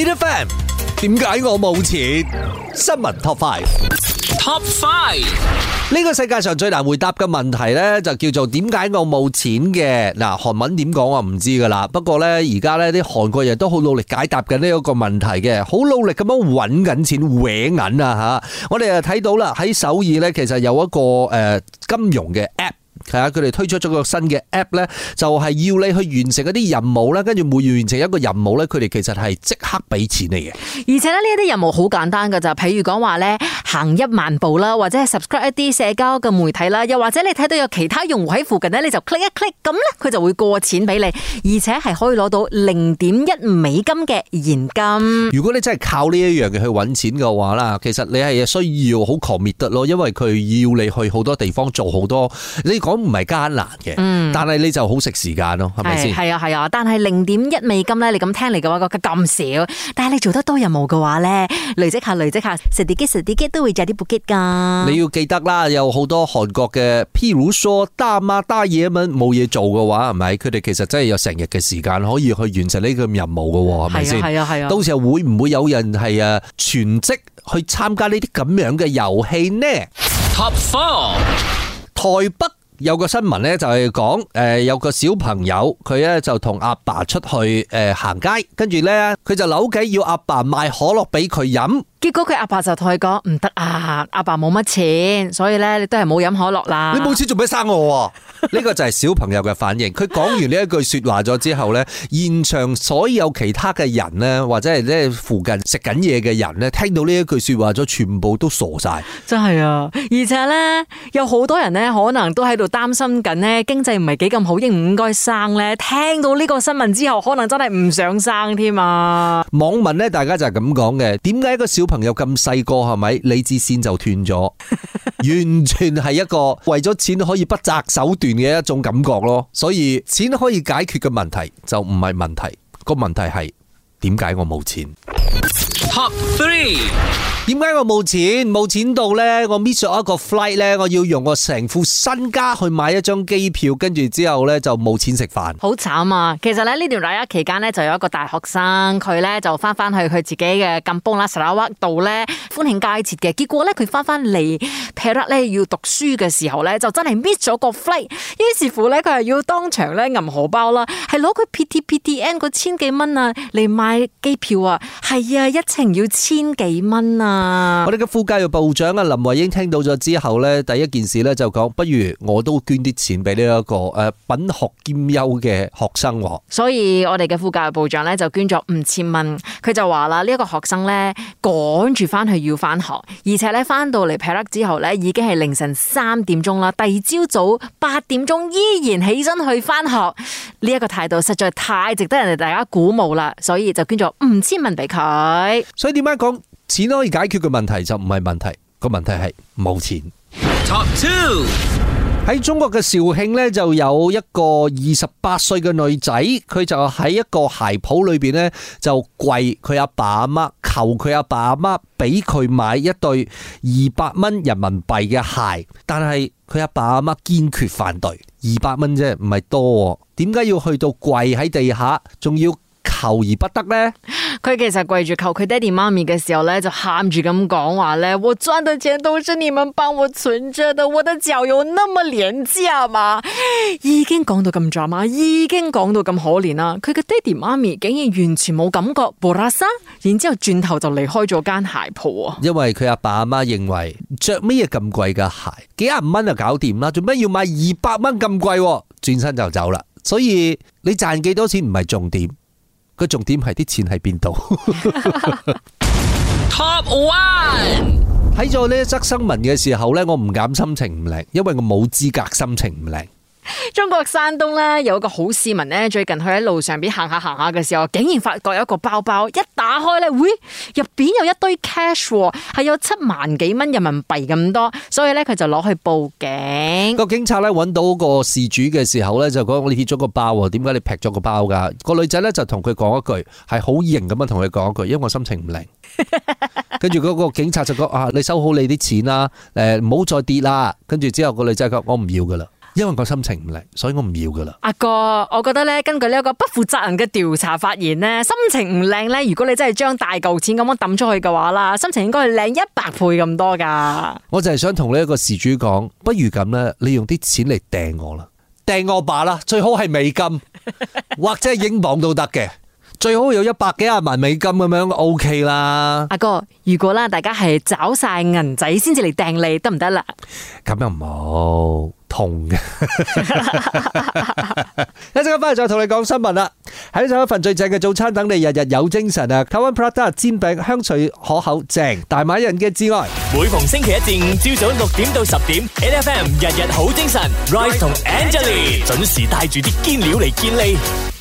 In the fan，點解我冇錢？新聞 Top Five，Top Five，呢個世界上最難回答嘅問題呢，就叫做點解我冇錢嘅。嗱，韓文點講我唔知噶啦。不過呢，而家呢啲韓國人都好努力解答緊呢一個問題嘅，好努力咁樣揾緊錢搲銀啊吓。我哋啊睇到啦，喺首爾呢，其實有一個誒金融嘅 app。係啊，佢哋推出咗個新嘅 app 咧，就係要你去完成一啲任務，跟住每完成一個任務咧，佢哋其實係即刻俾錢你嘅。而且呢，呢一啲任務好簡單噶，就譬如講話咧行一萬步啦，或者 subscribe 一啲社交嘅媒體啦，又或者你睇到有其他用戶喺附近呢，你就 click 一 click，咁咧佢就會過錢俾你，而且係可以攞到零點一美金嘅現金。如果你真係靠呢一樣嘅去搵錢嘅話啦，其實你係需要好 committed 咯，因為佢要你去好多地方做好多呢。講唔係艱難嘅，但係你就好食時間咯，係咪先？係啊，係啊，但係零點一美金咧，你咁聽嚟嘅話，那個咁少，但係你做得多任務嘅話咧，累積下累積下，食啲雞食啲雞都會賺啲補貼㗎。你要記得啦，有好多韓國嘅，譬如說打麻打嘢咁樣冇嘢做嘅話，係咪？佢哋其實真係有成日嘅時間可以去完成呢個任務嘅，係咪先？係啊，係啊，啊，到時候會唔會有人係啊全職去參加這些這呢啲咁樣嘅遊戲呢？Top Four 台北。有個新聞呢，就係講，誒有個小朋友佢呢就同阿爸出去誒行街，跟住呢，佢就扭計要阿爸買可樂俾佢飲。結果佢阿爸，爸就同佢講唔得啊！阿爸冇乜錢，所以咧你都係冇飲可樂啦。你冇錢做咩生我，啊？呢 個就係小朋友嘅反應。佢講完呢一句說話咗之後咧， 現場所有其他嘅人咧，或者係咧附近食緊嘢嘅人咧，聽到呢一句說話咗，全部都傻晒。真係啊！而且咧，有好多人咧，可能都喺度擔心緊咧，經濟唔係幾咁好，應唔應該生咧？聽到呢個新聞之後，可能真係唔想生添啊！網民咧，大家就係咁講嘅。點解一個小朋友？朋友咁細個係咪？理智線就斷咗，完全係一個為咗錢可以不擇手段嘅一種感覺咯。所以，錢可以解決嘅問題就唔係問題，個問題係點解我冇錢？Top three。點解我冇錢？冇錢到咧，我 miss 咗一個 flight 咧，我要用我成副身家去買一張機票，跟住之後咧就冇錢食飯。好慘啊！其實咧呢段大家期間咧就有一個大學生，佢咧就翻翻去佢自己嘅甘榜砂拉越度咧歡慶佳節嘅，結果咧佢翻翻嚟皮特咧要讀書嘅時候咧就真係 miss 咗個 flight，於是乎咧佢係要當場咧揞荷包啦，係攞佢 PTPTN 個千幾蚊啊嚟買機票啊，係啊一程要千幾蚊啊！我哋嘅副教育部長啊，林慧英聽到咗之後咧，第一件事呢就講，不如我都捐啲錢俾呢一個誒品學兼優嘅學生。所以我哋嘅副教育部長呢，就捐咗五千蚊。佢就話啦，呢一個學生呢，趕住翻去要翻學，而且呢翻到嚟劈甩之後呢，已經係凌晨三點鐘啦。第二朝早八點鐘依然起身去翻學，呢一個態度實在太值得人哋大家鼓舞啦。所以就捐咗五千蚊俾佢。所以點解講？錢可以解決嘅問題就唔係問題，個問題係冇錢。Top two 喺中國嘅肇慶呢，就有一個二十八歲嘅女仔，佢就喺一個鞋鋪裏邊呢，就跪佢阿爸阿媽，求佢阿爸阿媽俾佢買一對二百蚊人民幣嘅鞋，但係佢阿爸阿媽堅決反對，二百蚊啫，唔係多，點解要去到跪喺地下，仲要求而不得呢？佢其實跪住求佢爹哋媽咪嘅時候咧，就喊住咁講話咧，我賺的錢都是你們幫我存着的，我的腳有那麼廉價嘛？已經講到咁慘啊，已經講到咁可憐啦，啊。佢嘅爹哋媽咪竟然完全冇感覺，布拉沙，然之後轉頭就離開咗間鞋鋪啊。因為佢阿爸阿媽認為着咩嘢咁貴嘅鞋，幾廿五蚊就搞掂啦，做咩要買二百蚊咁貴？轉身就走啦。所以你賺幾多錢唔係重點。個重點係啲錢喺邊度？Top one，睇咗呢則新聞嘅時候呢，我唔敢心情唔靚，因為我冇資格心情唔靚。中國山東咧有一個好市民咧，最近佢喺路上邊行下行下嘅時候，竟然發覺有一個包包一打開咧，會入邊有一堆 cash 喎，係有七萬幾蚊人民幣咁多，所以咧佢就攞去報警。個警察咧揾到個事主嘅時候咧，就講，我跌咗個包啊，點解你劈咗個包噶？個女仔咧就同佢講一句，係好型咁樣同佢講一句，因為我心情唔靈。跟住嗰個警察就講啊，你收好你啲錢啦，誒，唔好再跌啦。跟住之後個女仔講，我唔要噶啦。因為個心情唔靚，所以我唔要噶啦。阿哥，我覺得咧，根據呢一個不負責任嘅調查發現咧，心情唔靚咧，如果你真係將大嚿錢咁樣抌出去嘅話啦，心情應該係靚一百倍咁多噶。我就係想同呢一個事主講，不如咁啦，你用啲錢嚟掟我啦，掟我吧啦，最好係美金 或者係英鎊都得嘅，最好有一百幾廿萬美金咁樣 O K 啦。阿、OK、哥，如果啦，大家係找晒銀仔先至嚟掟你得唔得啦？咁又唔好。窮嘅，一陣間翻嚟再同你講新聞啦。喺上一份最正嘅早餐等你，日日有精神啊！Kawan Prata 煎餅香脆可口，正大馬人嘅摯愛。每逢星期一至五，朝早六點到十點，N F M 日日好精神。Rise 同 Angelie 準時帶住啲堅料嚟堅利。